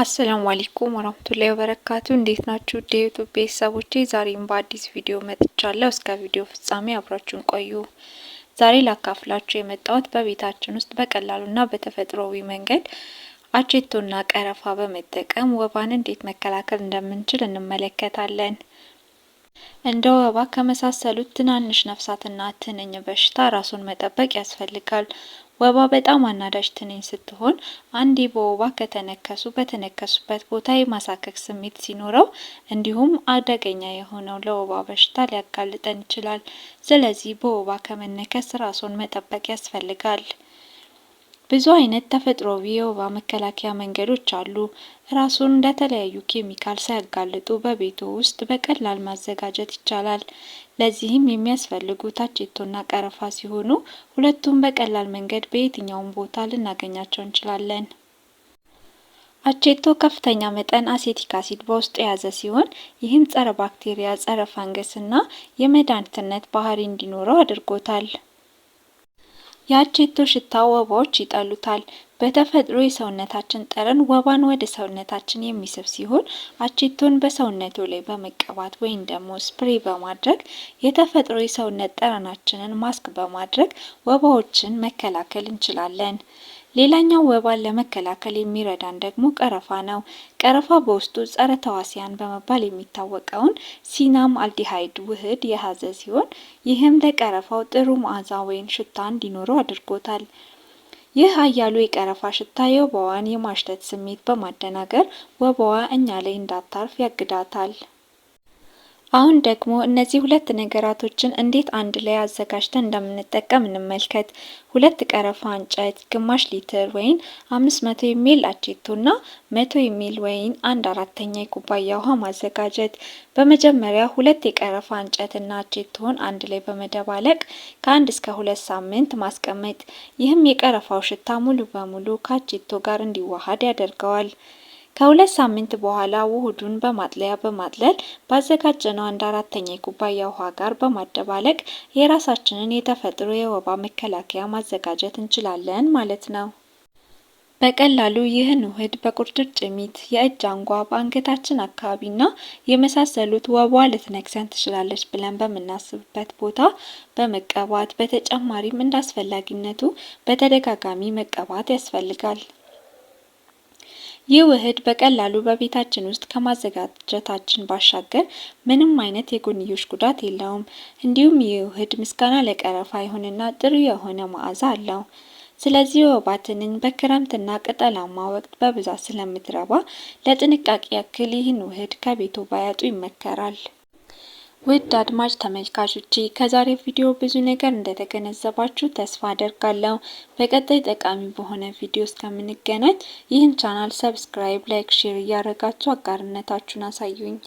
አሰላሙ አለይኩም ወራህመቱላሂ ወበረካቱ። እንዴት ናችሁ? የዩቱብ ቤተሰቦቼ ዛሬም በአዲስ ቪዲዮ መጥቻለሁ። እስከ ቪዲዮ ፍጻሜ አብራችሁን ቆዩ። ዛሬ ላካፍላችሁ የመጣሁት በቤታችን ውስጥ በቀላሉና በተፈጥሮዊ መንገድ አቼቶና ቀረፋ በመጠቀም ወባን እንዴት መከላከል እንደምንችል እንመለከታለን። እንደ ወባ ከመሳሰሉት ትናንሽ ነፍሳትና ትንኝ በሽታ ራሱን መጠበቅ ያስፈልጋል። ወባ በጣም አናዳጅ ትንኝ ስትሆን አንዴ በወባ ከተነከሱ በተነከሱበት ቦታ የማሳከክ ስሜት ሲኖረው እንዲሁም አደገኛ የሆነው ለወባ በሽታ ሊያጋልጠን ይችላል። ስለዚህ በወባ ከመነከስ ራሱን መጠበቅ ያስፈልጋል። ብዙ አይነት ተፈጥሯዊ የወባ መከላከያ መንገዶች አሉ። ራሱን ለተለያዩ ኬሚካል ሳያጋልጡ በቤቱ ውስጥ በቀላል ማዘጋጀት ይቻላል። ለዚህም የሚያስፈልጉት አቼቶና ቀረፋ ሲሆኑ ሁለቱም በቀላል መንገድ በየትኛውም ቦታ ልናገኛቸው እንችላለን። አቼቶ ከፍተኛ መጠን አሴቲክ አሲድ በውስጡ የያዘ ሲሆን ይህም ጸረ ባክቴሪያ፣ ጸረ ፋንገስ እና የመድኃኒትነት ባህሪ እንዲኖረው አድርጎታል። የአቼቶ ሽታ ወባዎች ይጠሉታል። በተፈጥሮ የሰውነታችን ጠረን ወባን ወደ ሰውነታችን የሚስብ ሲሆን አቼቶን በሰውነቱ ላይ በመቀባት ወይም ደግሞ ስፕሬ በማድረግ የተፈጥሮ የሰውነት ጠረናችንን ማስክ በማድረግ ወባዎችን መከላከል እንችላለን። ሌላኛው ወባን ለመከላከል የሚረዳን ደግሞ ቀረፋ ነው። ቀረፋ በውስጡ ጸረ ተዋሲያን በመባል የሚታወቀውን ሲናም አልዲሃይድ ውህድ የያዘ ሲሆን ይህም ለቀረፋው ጥሩ መዓዛ ወይም ሽታ እንዲኖረው አድርጎታል። ይህ አያሉ የቀረፋ ሽታ የወባዋን የማሽተት ስሜት በማደናገር ወባዋ እኛ ላይ እንዳታርፍ ያግዳታል። አሁን ደግሞ እነዚህ ሁለት ነገራቶችን እንዴት አንድ ላይ አዘጋጅተን እንደምንጠቀም እንመልከት። ሁለት ቀረፋ እንጨት፣ ግማሽ ሊትር ወይን፣ አምስት መቶ የሚል እና መቶ የሚል ወይን አንድ አራተኛ የኩባያ ውሃ ማዘጋጀት። በመጀመሪያ ሁለት የቀረፋ እንጨትና አቼቶን አንድ ላይ በመደባለቅ ከአንድ እስከ ሁለት ሳምንት ማስቀመጥ። ይህም የቀረፋው ሽታ ሙሉ በሙሉ ከአቼቶ ጋር እንዲዋሃድ ያደርገዋል። ከሁለት ሳምንት በኋላ ውህዱን በማጥለያ በማጥለል ባዘጋጀነው አንድ አራተኛ የኩባያ ውሃ ጋር በማደባለቅ የራሳችንን የተፈጥሮ የወባ መከላከያ ማዘጋጀት እንችላለን ማለት ነው። በቀላሉ ይህን ውህድ በቁርጭምጭሚት፣ የእጅ አንጓ፣ በአንገታችን አካባቢና የመሳሰሉት ወባ ልትነክሰን ትችላለች ብለን በምናስብበት ቦታ በመቀባት በተጨማሪም እንደ አስፈላጊነቱ በተደጋጋሚ መቀባት ያስፈልጋል። ይህ ውህድ በቀላሉ በቤታችን ውስጥ ከማዘጋጀታችን ባሻገር ምንም አይነት የጎንዮሽ ጉዳት የለውም። እንዲሁም ይህ ውህድ ምስጋና ለቀረፋ ይሁንና ጥሩ የሆነ መዓዛ አለው። ስለዚህ ወባ ትንኝ በክረምትና ቅጠላማ ወቅት በብዛት ስለምትረባ ለጥንቃቄ ያክል ይህን ውህድ ከቤቶ ባያጡ ይመከራል። ውድ አድማጭ ተመልካቾቼ ከዛሬ ቪዲዮ ብዙ ነገር እንደተገነዘባችሁ ተስፋ አደርጋለሁ። በቀጣይ ጠቃሚ በሆነ ቪዲዮ እስከምንገናኝ ይህን ቻናል ሰብስክራይብ፣ ላይክ፣ ሼር እያደረጋችሁ አጋርነታችሁን አሳዩኝ።